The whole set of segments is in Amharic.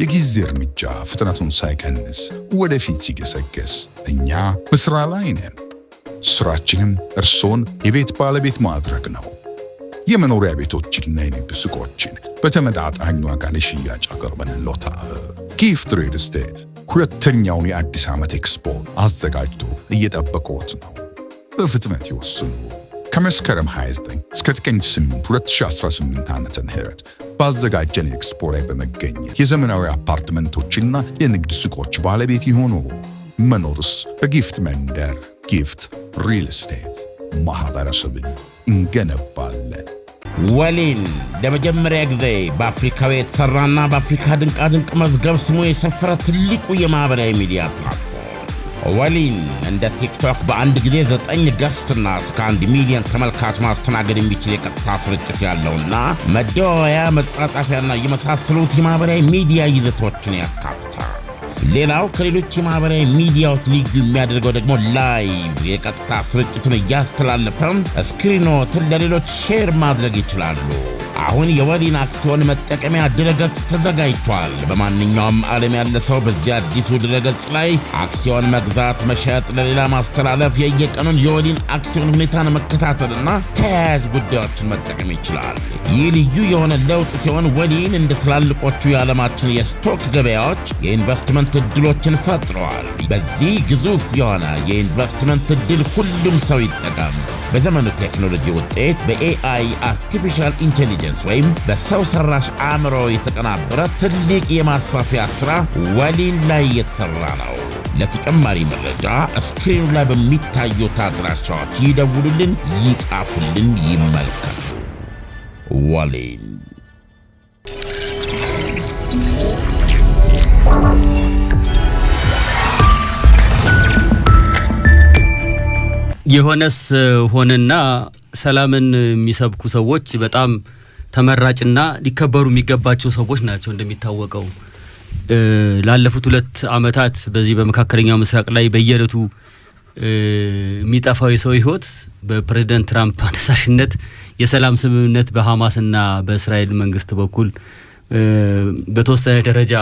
የጊዜ እርምጃ ፍጥነቱን ሳይቀንስ ወደፊት ሲገሰገስ እኛ በሥራ ላይ ነን። ሥራችንም እርሶን የቤት ባለቤት ማድረግ ነው። የመኖሪያ ቤቶችንና የንግድ ሱቆችን በተመጣጣኝ ዋጋ ለሽያጭ አቅርበን ሎታ ጊፍት ሪል ስቴት ሁለተኛውን የአዲስ ዓመት ኤክስፖ አዘጋጅቶ እየጠበቁት ነው። በፍጥነት ይወስኑ። ከመስከረም 29 እስከ ጥቅምት 8 2018 ዓመተ ምህረት ባዘጋጀን ኤክስፖ ላይ በመገኘት የዘመናዊ አፓርትመንቶችና የንግድ ሱቆች ባለቤት የሆኑ መኖርስ በጊፍት መንደር ጊፍት ሪል ስቴት ማህበረሰብን እንገነባለን። ወሊን ለመጀመሪያ ጊዜ በአፍሪካዊ የተሰራና በአፍሪካ ድንቃድንቅ መዝገብ ስሙ የሰፈረ ትልቁ የማህበራዊ ሚዲያ ፕላትፎርም ወሊን እንደ ቲክቶክ በአንድ ጊዜ ዘጠኝ ገስትና እስከ አንድ ሚሊዮን ተመልካች ማስተናገድ የሚችል የቀጥታ ስርጭት ያለውና መደዋወያ፣ መጻጻፊያና የመሳሰሉት የማህበራዊ ሚዲያ ይዘቶችን ያካትታል። ሌላው ከሌሎች የማህበራዊ ሚዲያዎች ልዩ የሚያደርገው ደግሞ ላይቭ የቀጥታ ስርጭቱን እያስተላለፈም ስክሪኖትን ለሌሎች ሼር ማድረግ ይችላሉ። አሁን የወሊን አክሲዮን መጠቀሚያ ድረገጽ ተዘጋጅቷል። በማንኛውም ዓለም ያለ ሰው በዚህ አዲሱ ድረገጽ ላይ አክሲዮን መግዛት፣ መሸጥ፣ ለሌላ ማስተላለፍ፣ የየቀኑን የወሊን አክሲዮን ሁኔታን መከታተልና ተያያዥ ጉዳዮችን መጠቀም ይችላል። ይህ ልዩ የሆነ ለውጥ ሲሆን ወሊን እንደ ትላልቆቹ የዓለማችን የስቶክ ገበያዎች የኢንቨስትመንት እድሎችን ፈጥረዋል። በዚህ ግዙፍ የሆነ የኢንቨስትመንት እድል ሁሉም ሰው ይጠቀም። በዘመኑ ቴክኖሎጂ ውጤት በኤአይ አርቲፊሻል ኢንቴሊጀንስ ኢንቴሊጀንስ ወይም በሰው ሰራሽ አእምሮ የተቀናበረ ትልቅ የማስፋፊያ ሥራ ወሊል ላይ እየተሠራ ነው። ለተጨማሪ መረጃ ስክሪኑ ላይ በሚታዩት አድራሻዎች ይደውሉልን፣ ይጻፉልን፣ ይመልከቱ። ወሊል የሆነስ ሆነና ሰላምን የሚሰብኩ ሰዎች በጣም ተመራጭና ሊከበሩ የሚገባቸው ሰዎች ናቸው። እንደሚታወቀው ላለፉት ሁለት ዓመታት በዚህ በመካከለኛው ምስራቅ ላይ በየዕለቱ የሚጠፋው የሰው ህይወት በፕሬዝደንት ትራምፕ አነሳሽነት የሰላም ስምምነት በሐማስና በእስራኤል መንግስት በኩል በተወሰነ ደረጃ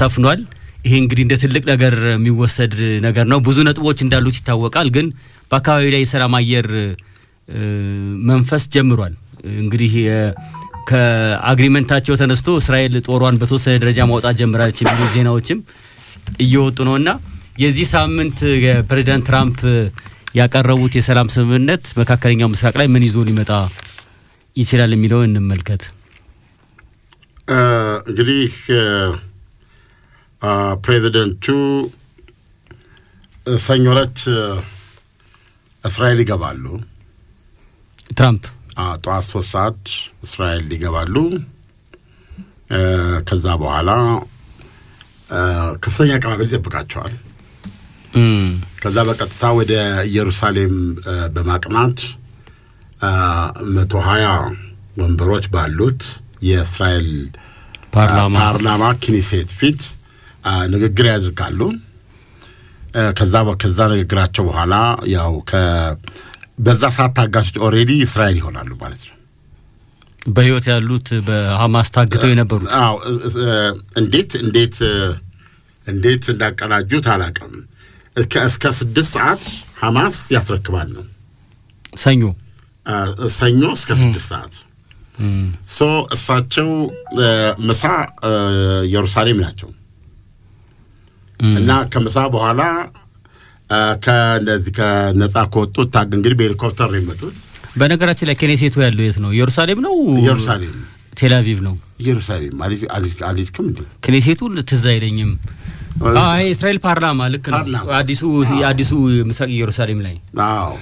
ሰፍኗል። ይሄ እንግዲህ እንደ ትልቅ ነገር የሚወሰድ ነገር ነው። ብዙ ነጥቦች እንዳሉት ይታወቃል። ግን በአካባቢው ላይ የሰላም አየር መንፈስ ጀምሯል። እንግዲህ ከአግሪመንታቸው ተነስቶ እስራኤል ጦሯን በተወሰነ ደረጃ ማውጣት ጀምራለች የሚሉ ዜናዎችም እየወጡ ነው እና የዚህ ሳምንት የፕሬዚዳንት ትራምፕ ያቀረቡት የሰላም ስምምነት መካከለኛው ምስራቅ ላይ ምን ይዞ ሊመጣ ይችላል የሚለውን እንመልከት። እንግዲህ ፕሬዚደንቱ ሰኞ ዕለት እስራኤል ይገባሉ። ትራምፕ ጠዋት ሶስት ሰዓት እስራኤል ይገባሉ። ከዛ በኋላ ከፍተኛ አቀባበል ይጠብቃቸዋል። ከዛ በቀጥታ ወደ ኢየሩሳሌም በማቅናት መቶ ሀያ ወንበሮች ባሉት የእስራኤል ፓርላማ ኪኒሴት ፊት ንግግር ያዝርጋሉ። ከዛ ከዛ ንግግራቸው በኋላ ያው በዛ ሰዓት ታጋቾች ኦሬዲ እስራኤል ይሆናሉ ማለት ነው። በህይወት ያሉት በሐማስ ታግተው የነበሩት አዎ፣ እንዴት እንዴት እንዴት እንዳቀናጁት አላውቅም። እስከ ስድስት ሰዓት ሐማስ ያስረክባል ነው ሰኞ ሰኞ እስከ ስድስት ሰዓት ሶ እሳቸው ምሳ ኢየሩሳሌም ናቸው እና ከምሳ በኋላ ከነዚህ ከነጻ ከወጡት ታግ እንግዲህ በሄሊኮፕተር ነው የመጡት። በነገራችን ላይ ኬኔሴቱ ያለው የት ነው? ኢየሩሳሌም ነው። ኢየሩሳሌም ቴል ነው። ኢየሩሳሌም አልሄድክም እንዴ? ኬኔሴቱ ትዝ አይለኝም። አይ እስራኤል ፓርላማ ልክ ነው። አዲሱ አዲሱ ምስራቅ ኢየሩሳሌም ላይ አዎ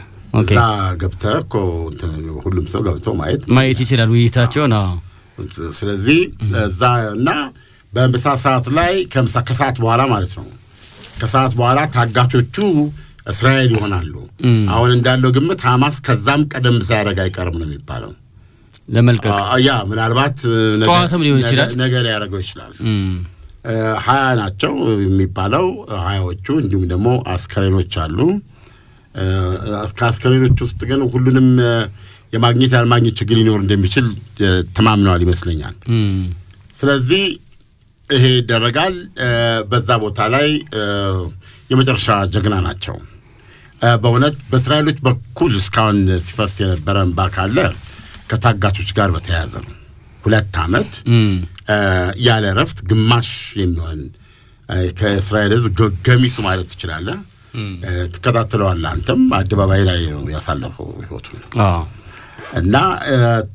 እዛ ገብተህ እኮ ሁሉም ሰው ገብቶ ማየት ማየት ይችላል ውይይታቸውን። ስለዚህ እዛ እና በምሳ ሰዓት ላይ ከምሳ ከሰዓት በኋላ ማለት ነው ከሰዓት በኋላ ታጋቾቹ እስራኤል ይሆናሉ። አሁን እንዳለው ግምት ሐማስ ከዛም ቀደም ሳያደርግ አይቀርም ነው የሚባለው ለመልቀቅ ያ ምናልባት ሊሆን ነገር ያደርገው ይችላል። ሀያ ናቸው የሚባለው ሀያዎቹ እንዲሁም ደግሞ አስከሬኖች አሉ። ከአስከሬኖች ውስጥ ግን ሁሉንም የማግኘት ያልማግኘት ችግር ሊኖር እንደሚችል ተማምነዋል ይመስለኛል። ስለዚህ ይሄ ይደረጋል። በዛ ቦታ ላይ የመጨረሻ ጀግና ናቸው። በእውነት በእስራኤሎች በኩል እስካሁን ሲፈስ የነበረ እንባ ካለ ከታጋቾች ጋር በተያያዘ ነው። ሁለት ዓመት ያለ እረፍት ግማሽ የሚሆን ከእስራኤል ሕዝብ ገሚሱ ማለት ትችላለህ። ትከታትለዋለህ አንተም አደባባይ ላይ ነው ያሳለፈው ሕይወቱን እና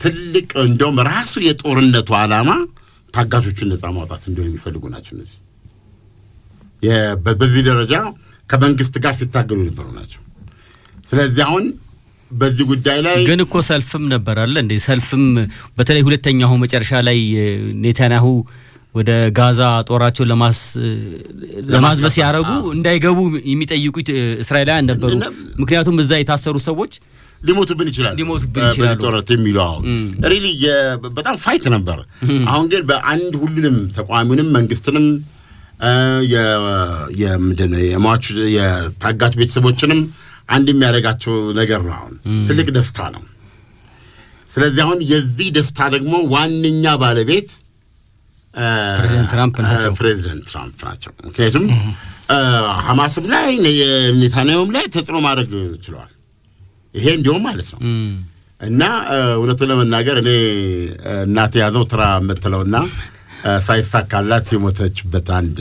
ትልቅ እንደውም ራሱ የጦርነቱ ዓላማ ታጋቾችን ነጻ ማውጣት እንዲሆን የሚፈልጉ ናቸው። እነዚህ በዚህ ደረጃ ከመንግስት ጋር ሲታገሉ የነበሩ ናቸው። ስለዚህ አሁን በዚህ ጉዳይ ላይ ግን እኮ ሰልፍም ነበር አለ እንዴ? ሰልፍም በተለይ ሁለተኛው መጨረሻ ላይ ኔታንያሁ ወደ ጋዛ ጦራቸውን ለማዝበስ ያደረጉ እንዳይገቡ የሚጠይቁ እስራኤላውያን ነበሩ። ምክንያቱም እዛ የታሰሩ ሰዎች ሊሞትብን ይችላል ሊሞትብን ይችላል ጦርነት የሚሉ አሁን ሪሊ በጣም ፋይት ነበር። አሁን ግን በአንድ ሁሉንም ተቃዋሚውንም መንግስትንም የምንድን የሟቹ የታጋች ቤተሰቦችንም አንድ የሚያደርጋቸው ነገር ነው። አሁን ትልቅ ደስታ ነው። ስለዚህ አሁን የዚህ ደስታ ደግሞ ዋነኛ ባለቤት ፕሬዚደንት ትራምፕ ናቸው። ምክንያቱም ሐማስም ላይ ኔታንያሁም ላይ ተጽዕኖ ማድረግ ችለዋል። ይሄ እንዲሁም ማለት ነው እና እውነቱን ለመናገር እኔ እናት ያዘው ትራ የምትለውና ሳይሳካላት የሞተችበት አንድ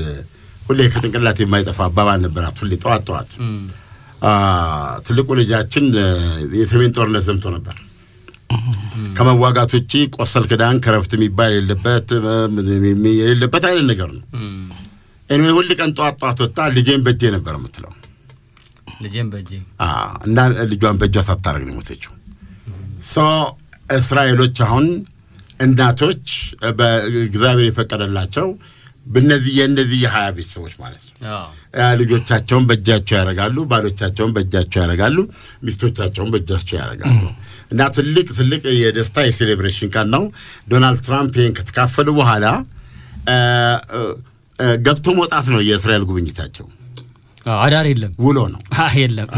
ሁሌ ከጭንቅላት የማይጠፋ አባባል ነበራት። ሁሌ ጠዋት ጠዋት ትልቁ ልጃችን የሰሜን ጦርነት ዘምቶ ነበር። ከመዋጋት ውጭ ቆሰል ክዳን ከረፍት የሚባል የሌለበት የሌለበት አይነት ነገር ነው። ሁል ቀን ጠዋት ጠዋት ወጣ ልጄን በጄ ነበር የምትለው እና ልጇን በእጇ ሳታደርግ ነው የሞተችው። እስራኤሎች አሁን እናቶች በእግዚአብሔር የፈቀደላቸው በነዚህ የእነዚህ የሀያ ቤተሰቦች ማለት ነው ልጆቻቸውን በእጃቸው ያደርጋሉ፣ ባሎቻቸውን በእጃቸው ያደርጋሉ፣ ሚስቶቻቸውን በእጃቸው ያደርጋሉ። እና ትልቅ ትልቅ የደስታ የሴሌብሬሽን ቀን ነው። ዶናልድ ትራምፕ ይህን ከተካፈሉ በኋላ ገብቶ መውጣት ነው የእስራኤል ጉብኝታቸው። አዳር የለም ውሎ ነው የለም።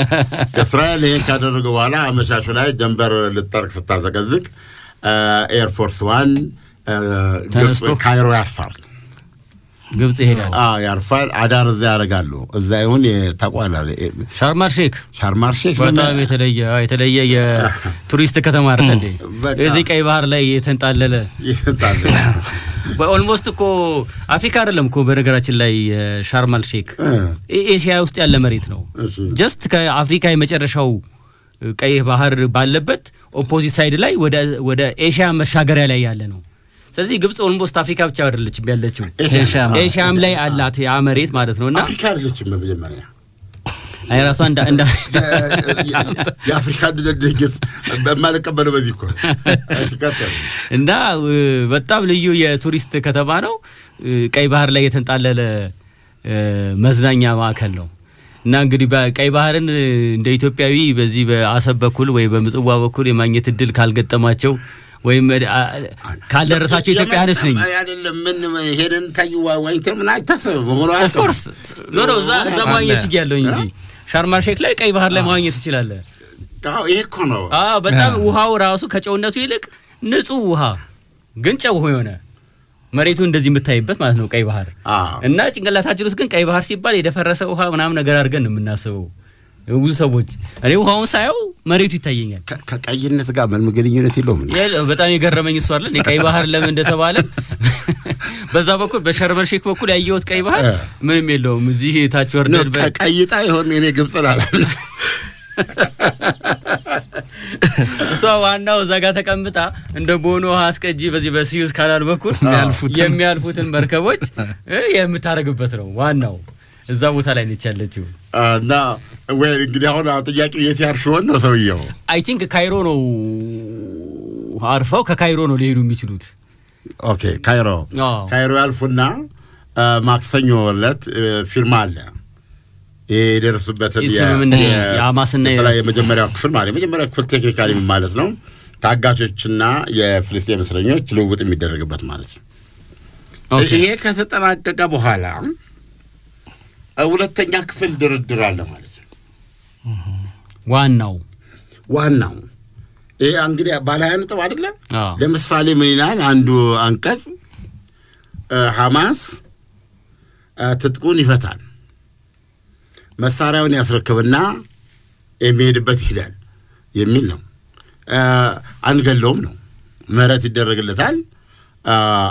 እስራኤል ይሄን ካደረገ በኋላ አመሻሹ ላይ ደንበር ልትጠርቅ ስታዘገዝቅ ኤርፎርስ ዋን ካይሮ ያርፋል፣ ግብጽ ይሄዳል፣ ያርፋል። አዳር እዛ ያደርጋሉ። እዛ ይሁን ታቋላል። ሻርማር ሼክ ሻርማር ሼክ በጣም የተለየ የተለየ የቱሪስት ከተማ አርቀ እዚህ ቀይ ባህር ላይ የተንጣለለ በኦልሞስት እኮ አፍሪካ አይደለም እኮ በነገራችን ላይ ሻርማል ሼክ ኤሽያ ውስጥ ያለ መሬት ነው። ጀስት ከአፍሪካ የመጨረሻው ቀይ ባህር ባለበት ኦፖዚት ሳይድ ላይ ወደ ኤሽያ መሻገሪያ ላይ ያለ ነው። ስለዚህ ግብጽ ኦልሞስት አፍሪካ ብቻ አይደለችም ያለችው ኤሽያም ላይ አላት ያ መሬት ማለት ነው እና አፍሪካ አይደለችም መጀመሪያ አይ ራሷ የአፍሪካ ድደደግዝ በማለቀበለ በዚህ እኮ እና በጣም ልዩ የቱሪስት ከተማ ነው። ቀይ ባህር ላይ የተንጣለለ መዝናኛ ማዕከል ነው እና እንግዲህ በቀይ ባህርን እንደ ኢትዮጵያዊ በዚህ በአሰብ በኩል ወይ በምጽዋ በኩል የማግኘት እድል ካልገጠማቸው ወይም ካልደረሳቸው ኢትዮጵያ ያነስ ነኝ አይደለም። ምን ሄደን ታይዋ ወይ ተምን አይታሰብ ኦፍኮርስ ኖ ኖ እዛ እዛ ማግኘት ይያለሁ እንጂ ሻርማ ሼክ ላይ ቀይ ባህር ላይ ይችላል። አዎ ይሄ እኮ ነው። አዎ በጣም ውሃው ራሱ ከጨውነቱ ይልቅ ንጹህ ውሃ ግን ጨው የሆነ መሬቱ እንደዚህ የምታይበት ማለት ነው ቀይ ባህር እና ጭንቅላታችን ውስጥ ግን ቀይ ባህር ሲባል የደፈረሰ ውሃ ምናምን ነገር አድርገን የምናስበው ብዙ ሰዎች። እኔ ውሃውን ሳየው መሬቱ ይታየኛል። ከቀይነት ጋር ምንም ግንኙነት የለውም። በጣም የገረመኝ እሱ አለ ባህር ለምን እንደተባለ በዛ በኩል በሸርበል ሼክ በኩል ያየሁት ቀይ ባህር ምንም የለውም። እዚህ ታች ወርደን ቀይጣ ይሆን እኔ ግብፅን አላምንም። እሷ ዋናው እዛ ጋር ተቀምጣ እንደ ቦኖ ውሃ አስቀጂ በዚህ በስዩዝ ካናል በኩል የሚያልፉትን መርከቦች የምታደርግበት ነው ዋናው እዛ ቦታ ላይ ነች ያለችው። እና ወይ እንግዲህ አሁን ጥያቄ የት ያርሽሆን ነው ሰውየው። አይ ቲንክ ካይሮ ነው አርፈው፣ ከካይሮ ነው ሊሄዱ የሚችሉት ኦኬ ካይሮ ካይሮ ያልፉና ማክሰኞ ዕለት ፊርማ አለ። ይሄ የደረሱበትን የመጀመሪያው ክፍል ማለት የመጀመሪያው ክፍል ቴክኒካሊ ማለት ነው ታጋቾችና የፍልስጤም እስረኞች ልውውጥ የሚደረግበት ማለት ነው። ይሄ ከተጠናቀቀ በኋላ ሁለተኛ ክፍል ድርድር አለ ማለት ነው። ዋናው ዋናው ይሄ እንግዲህ ባለ ሀያ ነጥብ አይደለ? ለምሳሌ ምን ይላል አንዱ አንቀጽ ሐማስ ትጥቁን ይፈታል፣ መሳሪያውን ያስረክብና የሚሄድበት ይሄዳል የሚል ነው። አንገለውም ነው፣ ምህረት ይደረግለታል።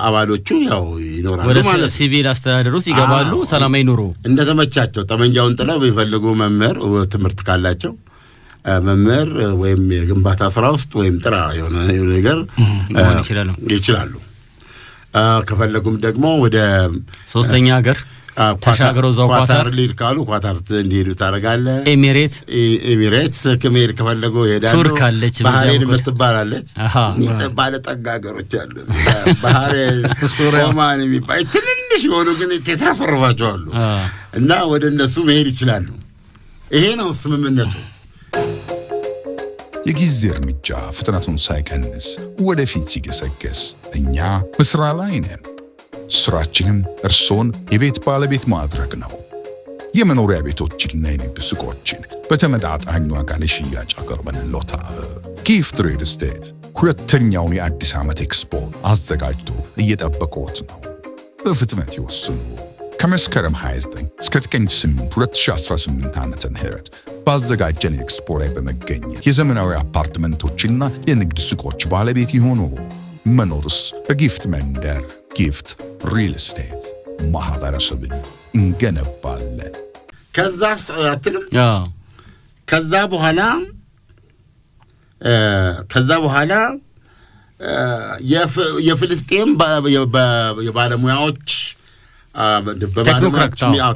አባሎቹ ያው ይኖራሉ ማለት ሲቪል አስተዳደር ውስጥ ይገባሉ። ሰላማዊ ኑሮ እንደተመቻቸው ጠመንጃውን ጥለው የፈለጉ መምህር ትምህርት ካላቸው መምህር ወይም የግንባታ ስራ ውስጥ ወይም ጥራ የሆነ ነገር ይችላሉ። ከፈለጉም ደግሞ ወደ ሶስተኛ ሀገር ተሻግረው እዛው ኳታር ሊድ ካሉ ኳታር እንዲሄዱ ታደርጋለህ። ኤሚሬት ኤሚሬት ከመሄድ ከፈለጉ ይሄዳሉ። ቱርክ አለች፣ ባህሬን የምትባላለች ባለጠጋ ሀገሮች አሉ። ባህሬን፣ ኦማን የሚባል ትንንሽ የሆኑ ግን የተትረፈረፋቸው አሉ እና ወደ እነሱ መሄድ ይችላሉ። ይሄ ነው ስምምነቱ። የጊዜ እርምጃ ፍጥነቱን ሳይቀንስ ወደፊት ሲገሰገስ እኛ በስራ ላይ ነን። ስራችንም እርሶን የቤት ባለቤት ማድረግ ነው። የመኖሪያ ቤቶችንና የንግድ ሱቆችን በተመጣጣኝ ዋጋ ለሽያጭ ሎታ ጊፍት ሬድ ስቴት ሁለተኛውን የአዲስ ዓመት ኤክስፖ አዘጋጅቶ እየጠበቆት ነው። በፍጥነት ይወስኑ። ከመስከረም 29 እስከ ጥቅምት 8 2018 ዓመተ ምህረት ባዘጋጀን ኤክስፖ ላይ በመገኘት የዘመናዊ አፓርትመንቶችና የንግድ ሱቆች ባለቤት የሆኑ መኖርስ በጊፍት መንደር ጊፍት ሪል ስቴት ማህበረሰብን እንገነባለን። ከዛ አትልም ከዛ በኋላ ከዛ በኋላ የፍልስጤም ባለሙያዎች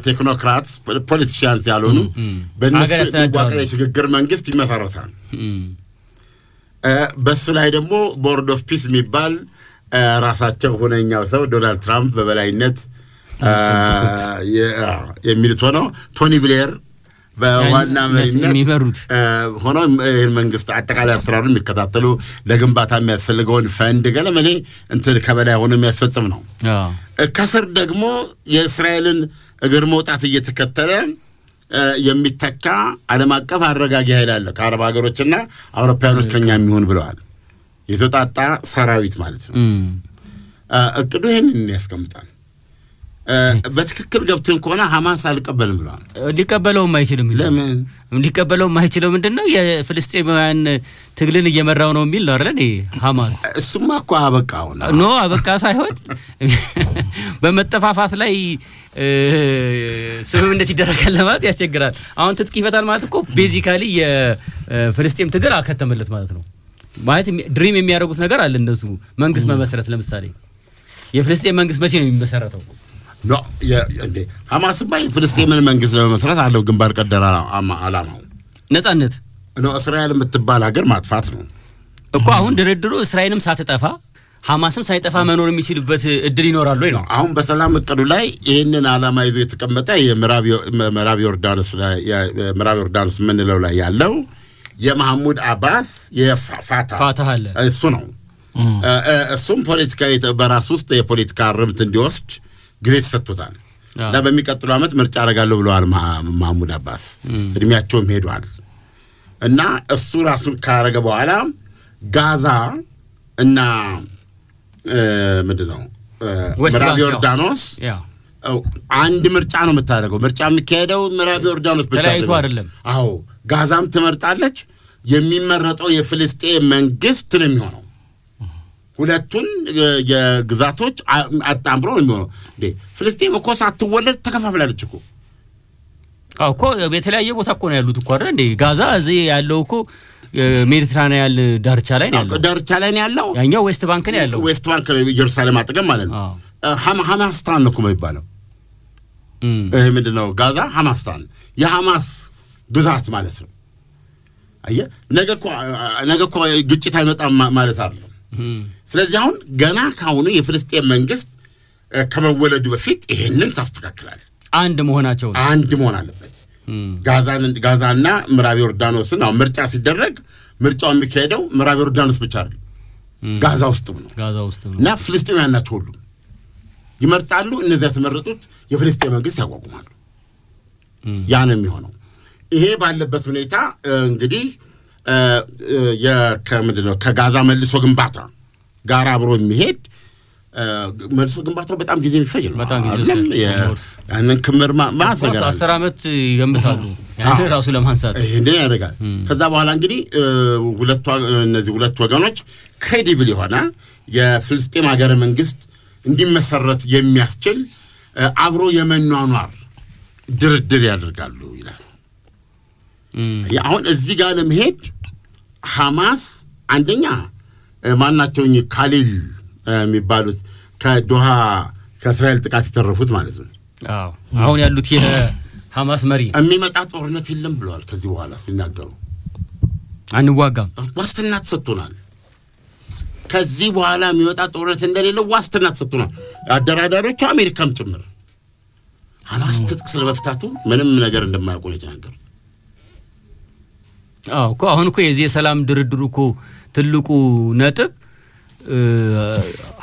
ቴክኖክራት ፖለቲሽያንስ ያልሆኑ በነሱ የሚዋቀር የሽግግር መንግስት ይመሰረታል። በሱ ላይ ደግሞ ቦርድ ኦፍ ፒስ የሚባል ራሳቸው ሁነኛው ሰው ዶናልድ ትራምፕ በበላይነት የሚሉት ሆነው ቶኒ ብሌር በዋና መሪነት ሆኖ ይህን መንግስት አጠቃላይ አሰራሩ የሚከታተሉ ለግንባታ የሚያስፈልገውን ፈንድ ገለመኔ እንትን ከበላይ ሆኖ የሚያስፈጽም ነው። ከስር ደግሞ የእስራኤልን እግር መውጣት እየተከተለ የሚተካ ዓለም አቀፍ አረጋጊ ኃይል አለ ከአረብ ሀገሮችና አውሮፓያኖች ከኛ የሚሆን ብለዋል። የተውጣጣ ሰራዊት ማለት ነው። እቅዱ ይህንን ያስቀምጣል። በትክክል ገብተን ከሆነ ሀማስ አልቀበልም ብለዋል። ሊቀበለውም አይችልም። ለምን ሊቀበለውም አይችለው? ምንድን ነው የፍልስጤማውያን ትግልን እየመራው ነው የሚል ነው አይደል? ሐማስ እሱማ እኮ አበቃ ሆነ። ኖ አበቃ ሳይሆን በመጠፋፋት ላይ ስምምነት ይደረጋል ለማለት ያስቸግራል። አሁን ትጥቅ ይፈታል ማለት እኮ ቤዚካሊ የፍልስጤም ትግል አከተመለት ማለት ነው። ማለት ድሪም የሚያደርጉት ነገር አለ እነሱ መንግስት መመስረት። ለምሳሌ የፍልስጤም መንግስት መቼ ነው የሚመሰረተው? ኖ እንዴ የፍልስጤምን መንግስት ለመመስረት አለው ግንባር ቀደም አላማው ነጻነት ነው። እስራኤል የምትባል ሀገር ማጥፋት ነው እኮ አሁን ድርድሩ። እስራኤልም ሳትጠፋ ሀማስም ሳይጠፋ መኖር የሚችልበት እድል ይኖራሉ ነው። አሁን በሰላም እቅዱ ላይ ይህንን አላማ ይዞ የተቀመጠ የምዕራብ ዮርዳኖስ የምንለው ላይ ያለው የማህሙድ አባስ የፋታህ እሱ ነው። እሱም ፖለቲካዊ በራሱ ውስጥ የፖለቲካ ርምት እንዲወስድ ጊዜ ተሰጥቶታል እና በሚቀጥለው ዓመት ምርጫ አደርጋለሁ ብለዋል ማህሙድ አባስ። እድሜያቸውም ሄዷል እና እሱ ራሱን ካረገ በኋላ ጋዛ እና ምንድን ነው ምዕራብ ዮርዳኖስ አንድ ምርጫ ነው የምታደርገው። ምርጫ የሚካሄደው ምዕራብ ዮርዳኖስ ብቻ አይደለም። አዎ ጋዛም ትመርጣለች። የሚመረጠው የፍልስጤን መንግስት ነው የሚሆነው ሁለቱን የግዛቶች አጣምሮ ነው የሚሆነው። ፍልስጤም እኮ ሳትወለድ ተከፋፍላለች እኮ እኮ የተለያየ ቦታ እኮ ነው ያሉት እኮ አይደል እንዴ? ጋዛ እዚህ ያለው እኮ ሜዲትራንያን ዳርቻ ላይ ነው ያለው፣ ዳርቻ ላይ ነው ያለው። ያኛው ዌስት ባንክ ነው ያለው፣ ዌስት ባንክ ኢየሩሳሌም አጠገብ ማለት ነው። ሐማስታን ነው እኮ የሚባለው። ይሄ ምንድን ነው? ጋዛ ሐማስታን የሐማስ ግዛት ማለት ነው። አየህ፣ ነገ እኮ ነገ እኮ ግጭት አይመጣም ማለት አይደለም። ስለዚህ አሁን ገና ካሁኑ የፍልስጤን መንግስት ከመወለዱ በፊት ይሄንን ታስተካክላል። አንድ መሆናቸው አንድ መሆን አለበት። ጋዛና ምዕራብ ዮርዳኖስን አሁን ምርጫ ሲደረግ ምርጫው የሚካሄደው ምዕራብ ዮርዳኖስ ብቻ አይደለም፣ ጋዛ ውስጥም ነው እና ፍልስጤማውያን ናቸው። ሁሉም ይመርጣሉ። እነዚያ የተመረጡት የፍልስጤን መንግስት ያቋቁማሉ። ያ ነው የሚሆነው። ይሄ ባለበት ሁኔታ እንግዲህ ከምንድን ነው ከጋዛ መልሶ ግንባታ ጋር አብሮ የሚሄድ መልሶ ግንባታው በጣም ጊዜ የሚፈጅ ነው። ያንን ክምር ማዘገራ አስር ዓመት ይገምታሉ ራሱ ለማንሳት እንደ ያደርጋል። ከዛ በኋላ እንግዲህ ሁለቱ እነዚህ ሁለት ወገኖች ክሬዲብል የሆነ የፍልስጤም ሀገረ መንግስት እንዲመሰረት የሚያስችል አብሮ የመኗኗር ድርድር ያደርጋሉ ይላል። አሁን እዚህ ጋር ለመሄድ ሐማስ አንደኛ ማናቸው ካሊል የሚባሉት ከዶሃ ከእስራኤል ጥቃት የተረፉት ማለት ነው። አሁን ያሉት የሐማስ መሪ የሚመጣ ጦርነት የለም ብለዋል። ከዚህ በኋላ ሲናገሩ አንዋጋም ዋስትና ተሰጥቶናል። ከዚህ በኋላ የሚመጣ ጦርነት እንደሌለው ዋስትና ተሰጥቶናል። አደራዳሪዎቹ አሜሪካም ጭምር ሐማስ ትጥቅ ስለመፍታቱ ምንም ነገር እንደማያውቁ ነው የተናገሩት። አሁን እኮ የዚህ የሰላም ድርድሩ እኮ ትልቁ ነጥብ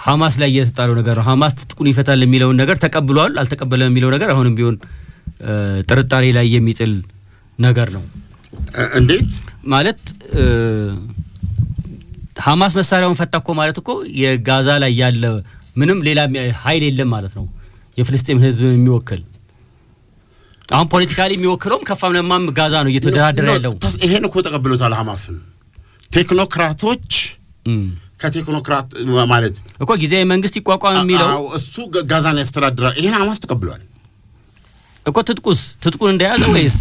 ሀማስ ላይ እየተጣለው ነገር ነው። ሀማስ ትጥቁን ይፈታል የሚለውን ነገር ተቀብሏል አልተቀበለም የሚለው ነገር አሁንም ቢሆን ጥርጣሬ ላይ የሚጥል ነገር ነው። እንዴት ማለት ሀማስ መሳሪያውን ፈታ እኮ ማለት እኮ የጋዛ ላይ ያለ ምንም ሌላ ኃይል የለም ማለት ነው። የፍልስጤም ህዝብ የሚወክል አሁን ፖለቲካሊ የሚወክለውም ከፋም ለማም ጋዛ ነው እየተደራደረ ያለው። ይሄን እኮ ተቀብሎታል ሀማስም ቴክኖክራቶች ከቴክኖክራት ማለት እኮ ጊዜያዊ መንግስት ይቋቋም የሚለው እሱ ጋዛን ያስተዳድራል። ይህን አማስ ተቀብሏል እኮ ትጥቁስ ትጥቁን እንደያዘ ወይስ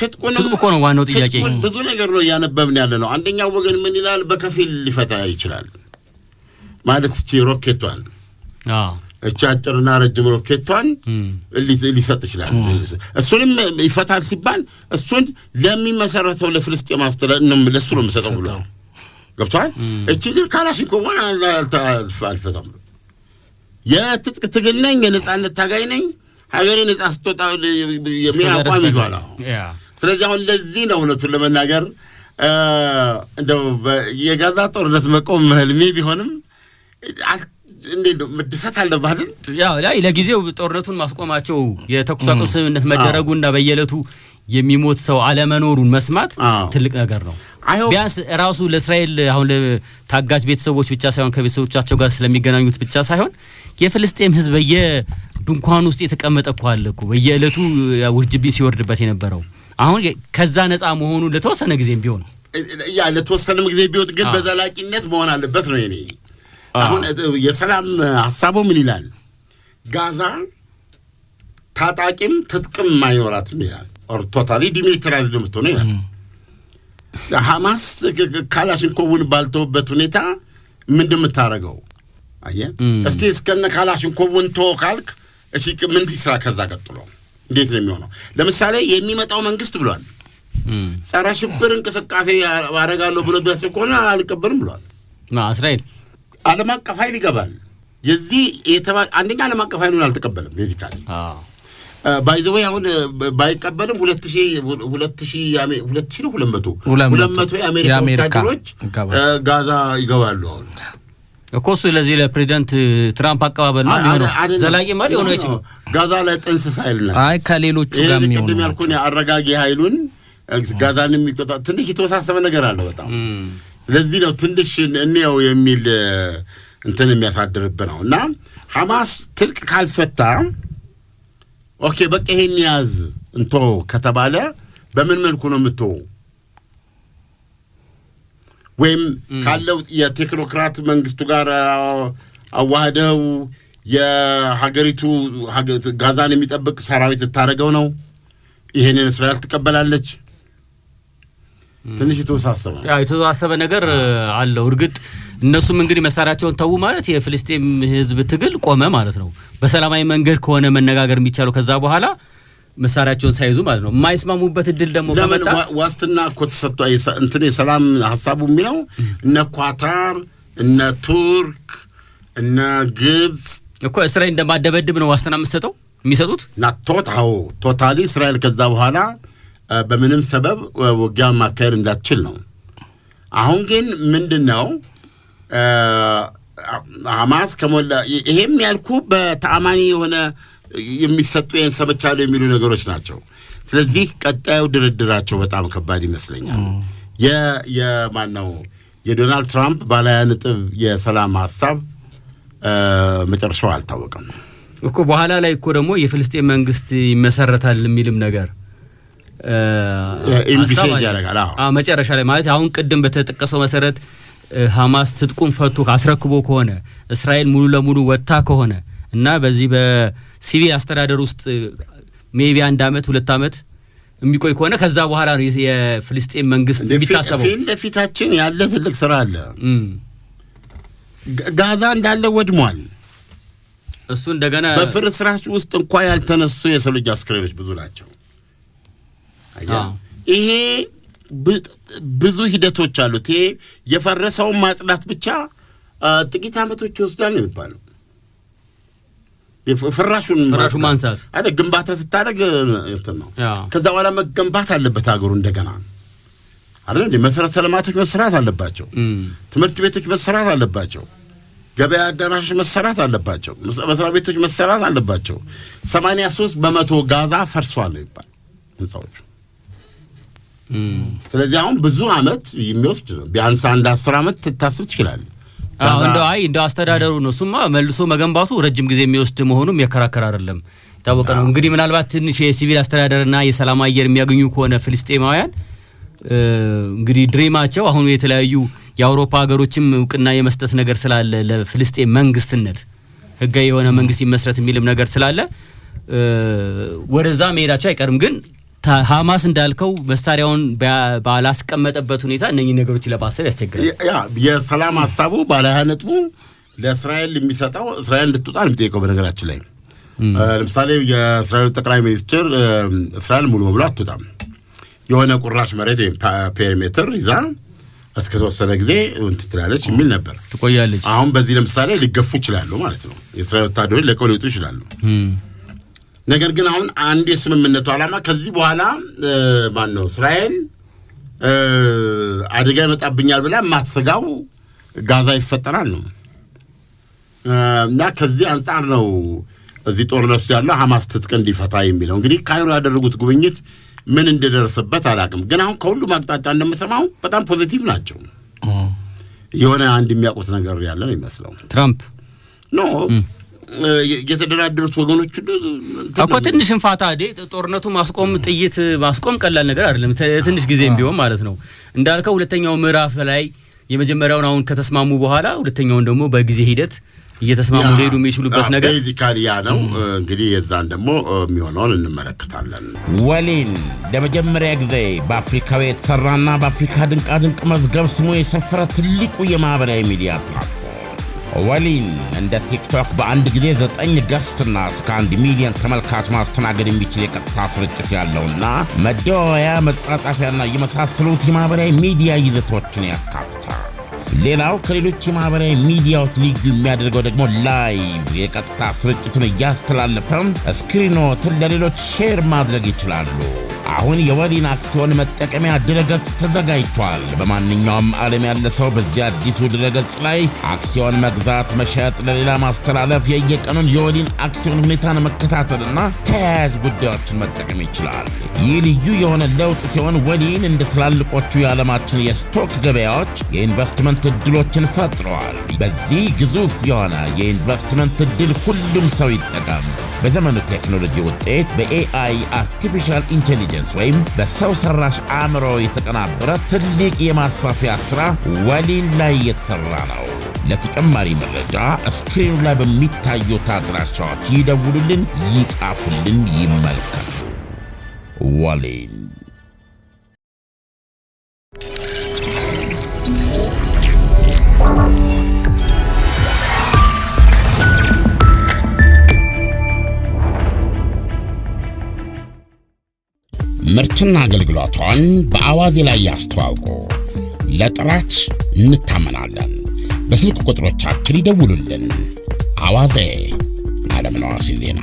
ትጥቁን እኮ ነው ዋናው ጥያቄ። ብዙ ነገር ነው እያነበብን ያለ ነው። አንደኛው ወገን ምን ይላል? በከፊል ሊፈታ ይችላል ማለት ሮኬቷን እቺ አጭርና ረጅም ሮኬቷን ሊሰጥ ይችላል። እሱንም ይፈታል ሲባል እሱን ለሚመሰረተው ለፍልስጤም አስተዳደር ለእሱ ነው የምሰጠው ብሎ ገብቷል። እቺ ግን ካላሽንኮቭ አልፈታም። የትጥቅ ትግል ነኝ፣ የነጻነት ታጋይ ነኝ፣ ሀገሬ ነጻ ስትወጣ የሚል አቋም ይዟል። ስለዚህ አሁን ለዚህ ነው እውነቱን ለመናገር እንደው የጋዛ ጦርነት መቆም ህልሜ ቢሆንም እንዴት መደሰት አለብህ አይደል? ያው ለጊዜው ጦርነቱን ማስቆማቸው የተኩስ አቁም ስምምነት መደረጉና በየዕለቱ የሚሞት ሰው አለመኖሩን መስማት ትልቅ ነገር ነው። ቢያንስ ራሱ ለእስራኤል አሁን ለታጋጅ ቤተሰቦች ብቻ ሳይሆን ከቤተሰቦቻቸው ጋር ስለሚገናኙት ብቻ ሳይሆን የፍልስጤም ሕዝብ በየድንኳን ውስጥ የተቀመጠ እኮ አለ እኮ በየዕለቱ ውርጅብኝ ሲወርድበት የነበረው አሁን ከዛ ነፃ መሆኑ ለተወሰነ ጊዜም ቢሆን ያ ለተወሰነም ጊዜ ቢሆን ግን በዘላቂነት መሆን አለበት ነው የኔ አሁን የሰላም ሀሳቡ ምን ይላል? ጋዛ ታጣቂም ትጥቅም አይኖራትም ይላል። ኦር ቶታሊ ዲሚሊታራይዝድ የምትሆነው ይላል። ሐማስ ካላሽንኮቡን ባልተውበት ሁኔታ ምንድን የምታደርገው? አየህ እስቲ እስከነ ካላሽንኮቡን ቶ ካልክ እሺ ምን ስራ ከዛ ቀጥሎ እንዴት ነው የሚሆነው? ለምሳሌ የሚመጣው መንግስት ብሏል ጸረ ሽብር እንቅስቃሴ አደርጋለሁ ብሎ ቢያስብ ከሆነ አልቀበልም ብሏል እስራኤል ዓለም አቀፍ ኃይል ይገባል። የዚህ የተባ አንደኛ ዓለም አቀፍ ኃይሉን አልተቀበልም ቤዚካሊ ባይዘወይ አሁን ባይቀበልም ሁለት ሺህ ሁለት ሺህ ነው ሁለት መቶ ሁለት መቶ የአሜሪካ ወታደሮች ጋዛ ይገባሉ። አሁን እኮ እሱ ለዚህ ለፕሬዚደንት ትራምፕ አቀባበል ነው የሚሆነው። ዘላቂ ማለት የሆነ ጋዛ ላይ ጥንስ ኃይል ነ አይ ከሌሎቹ ጋር የሚሆነው ቅድም ያልኩህን አረጋጊ ኃይሉን ጋዛን የሚቆጣ ትንሽ የተወሳሰበ ነገር አለ በጣም ስለዚህ ነው ትንሽ እኔው የሚል እንትን የሚያሳድርብ ነው እና ሐማስ ትልቅ ካልፈታ ኦኬ በቃ ይሄን ያዝ እንቶ ከተባለ በምን መልኩ ነው የምቶ ወይም ካለው የቴክኖክራት መንግስቱ ጋር አዋህደው የሀገሪቱ ጋዛን የሚጠብቅ ሰራዊት ልታደርገው ነው። ይሄንን እስራኤል ትቀበላለች። ትንሽ የተወሳሰበ የተወሳሰበ ነገር አለው። እርግጥ እነሱም እንግዲህ መሳሪያቸውን ተዉ ማለት የፍልስጤም ህዝብ ትግል ቆመ ማለት ነው። በሰላማዊ መንገድ ከሆነ መነጋገር የሚቻለው ከዛ በኋላ መሳሪያቸውን ሳይዙ ማለት ነው። የማይስማሙበት እድል ደግሞ ከመጣ ዋስትና እኮ ተሰጥቷ እንትን የሰላም ሀሳቡ የሚለው እነ ኳታር እነ ቱርክ እነ ግብፅ እኮ እስራኤል እንደማደበድብ ነው ዋስትና የምትሰጠው የሚሰጡት ናት ቶት ቶታሊ እስራኤል ከዛ በኋላ በምንም ሰበብ ውጊያ ማካሄድ እንዳትችል ነው። አሁን ግን ምንድን ነው ሐማስ ከሞላ ይሄም ያልኩ በተአማኒ የሆነ የሚሰጡ ይህን ሰምቻለሁ የሚሉ ነገሮች ናቸው። ስለዚህ ቀጣዩ ድርድራቸው በጣም ከባድ ይመስለኛል። ነው የዶናልድ ትራምፕ ባለያ ነጥብ የሰላም ሀሳብ መጨረሻው አልታወቀም እኮ። በኋላ ላይ እኮ ደግሞ የፍልስጤን መንግስት ይመሰረታል የሚልም ነገር መጨረሻ ላይ ማለት አሁን ቅድም በተጠቀሰው መሰረት ሀማስ ትጥቁን ፈቶ አስረክቦ ከሆነ እስራኤል ሙሉ ለሙሉ ወጥታ ከሆነ እና በዚህ በሲቪል አስተዳደር ውስጥ ሜቢ አንድ አመት ሁለት አመት የሚቆይ ከሆነ ከዛ በኋላ ነው የፍልስጤን መንግስት የሚታሰበው። ፊት ለፊታችን ያለ ትልቅ ስራ አለ። ጋዛ እንዳለ ወድሟል። እሱ እንደገና በፍርስራሽ ውስጥ እንኳ ያልተነሱ የሰው ልጅ አስክሬኖች ብዙ ናቸው። ይሄ ብዙ ሂደቶች አሉት። ይሄ የፈረሰውን ማጽዳት ብቻ ጥቂት ዓመቶች ይወስዳል ነው የሚባለው። ፍራሹን ማንሳት አለ ግንባታ ስታደርግ እንትን ነው። ከዛ በኋላ መገንባት አለበት አገሩ እንደገና አለ መሰረተ ልማቶች መሰራት አለባቸው። ትምህርት ቤቶች መሰራት አለባቸው። ገበያ አዳራሾች መሰራት አለባቸው። መስሪያ ቤቶች መሰራት አለባቸው። ሰማንያ ሶስት በመቶ ጋዛ ፈርሷል ይባል ህንፃዎቹ ስለዚህ አሁን ብዙ አመት የሚወስድ ነው። ቢያንስ አንድ አስር አመት ትታስብ ትችላል። እንደ አይ እንደ አስተዳደሩ ነው እሱማ መልሶ መገንባቱ ረጅም ጊዜ የሚወስድ መሆኑም የሚያከራከር አይደለም የታወቀ ነው። እንግዲህ ምናልባት ትንሽ የሲቪል አስተዳደርና የሰላም አየር የሚያገኙ ከሆነ ፍልስጤማውያን እንግዲህ ድሬማቸው አሁኑ የተለያዩ የአውሮፓ ሀገሮችም እውቅና የመስጠት ነገር ስላለ ለፍልስጤም መንግስትነት ህጋዊ የሆነ መንግስት ይመስረት የሚልም ነገር ስላለ ወደዛ መሄዳቸው አይቀርም ግን ሀማስ እንዳልከው መሳሪያውን ባላስቀመጠበት ሁኔታ እነኚህ ነገሮች ለማሰብ ያስቸግራል። የሰላም ሀሳቡ ባለ ነጥቡ ለእስራኤል የሚሰጠው እስራኤል እንድትወጣ ነው የሚጠይቀው። በነገራችን ላይ ለምሳሌ የእስራኤል ጠቅላይ ሚኒስትር እስራኤል ሙሉ በሙሉ አትወጣም፣ የሆነ ቁራሽ መሬት ወይም ፔሪሜትር ይዛ ተወሰነ ጊዜ እንትን ትላለች የሚል ነበር፣ ትቆያለች። አሁን በዚህ ለምሳሌ ሊገፉ ይችላሉ ማለት ነው። የእስራኤል ወታደሮች ለቀው ሊወጡ ይችላሉ። ነገር ግን አሁን አንድ የስምምነቱ ዓላማ ከዚህ በኋላ ማን ነው እስራኤል አደጋ ይመጣብኛል ብላ ማትሰጋው ጋዛ ይፈጠራል ነው እና ከዚህ አንጻር ነው እዚህ ጦርነት ውስጥ ያለው ሐማስ ትጥቅ እንዲፈታ የሚለው። እንግዲህ ካይሮ ያደረጉት ጉብኝት ምን እንደደረሰበት አላውቅም፣ ግን አሁን ከሁሉም አቅጣጫ እንደምሰማው በጣም ፖዚቲቭ ናቸው። የሆነ አንድ የሚያውቁት ነገር ያለ ነው ይመስለው ትራምፕ ኖ የተደራደሩት ወገኖች እኮ ትንሽ እንፋታ ዴ ጦርነቱ ማስቆም ጥይት ማስቆም ቀላል ነገር አይደለም። ትንሽ ጊዜም ቢሆን ማለት ነው እንዳልከው ሁለተኛው ምዕራፍ ላይ የመጀመሪያውን አሁን ከተስማሙ በኋላ ሁለተኛውን ደግሞ በጊዜ ሂደት እየተስማሙ ሊሄዱ የሚችሉበት ነገር ቤዚካሊ ያ ነው። እንግዲህ የዛን ደግሞ የሚሆነውን እንመለከታለን። ወሊን ለመጀመሪያ ጊዜ በአፍሪካዊ የተሰራና በአፍሪካ ድንቃድንቅ መዝገብ ስሙ የሰፈረ ትልቁ የማህበራዊ ሚዲያ ፕላትፎርም ወሊን እንደ ቲክቶክ በአንድ ጊዜ ዘጠኝ ገስትና እስከ አንድ ሚሊዮን ተመልካች ማስተናገድ የሚችል የቀጥታ ስርጭት ያለውና መደዋወያ፣ መጻጻፊያና የመሳሰሉት የማህበራዊ ሚዲያ ይዘቶችን ያካትታል። ሌላው ከሌሎች የማህበራዊ ሚዲያዎች ልዩ የሚያደርገው ደግሞ ላይቭ የቀጥታ ስርጭቱን እያስተላለፈም ስክሪኖትን ለሌሎች ሼር ማድረግ ይችላሉ። አሁን የወሊን አክሲዮን መጠቀሚያ ድረገጽ ተዘጋጅቷል። በማንኛውም ዓለም ያለ ሰው በዚህ አዲሱ ድረገጽ ላይ አክሲዮን መግዛት፣ መሸጥ፣ ለሌላ ማስተላለፍ፣ የየቀኑን የወሊን አክሲዮን ሁኔታን መከታተልና ተያያዥ ጉዳዮችን መጠቀም ይችላል። ይህ ልዩ የሆነ ለውጥ ሲሆን ወሊን እንደ ትላልቆቹ የዓለማችን የስቶክ ገበያዎች የኢንቨስትመንት እድሎችን ፈጥረዋል። በዚህ ግዙፍ የሆነ የኢንቨስትመንት እድል ሁሉም ሰው ይጠቀም። በዘመኑ ቴክኖሎጂ ውጤት በኤአይ አርቲፊሻል ኢንቴሊጀንስ ወይም በሰው ሰራሽ አእምሮ የተቀናበረ ትልቅ የማስፋፊያ ሥራ ወሊል ላይ የተሠራ ነው። ለተጨማሪ መረጃ እስክሪኑ ላይ በሚታዩት አድራሻዎች ይደውሉልን፣ ይጻፉልን፣ ይመልከቱ። ወሊል ምርትና አገልግሎቷን በአዋዜ ላይ ያስተዋውቁ። ለጥራች እንታመናለን። በስልክ ቁጥሮቻችን ይደውሉልን። አዋዜ አለምነህ ዋሴ ዜና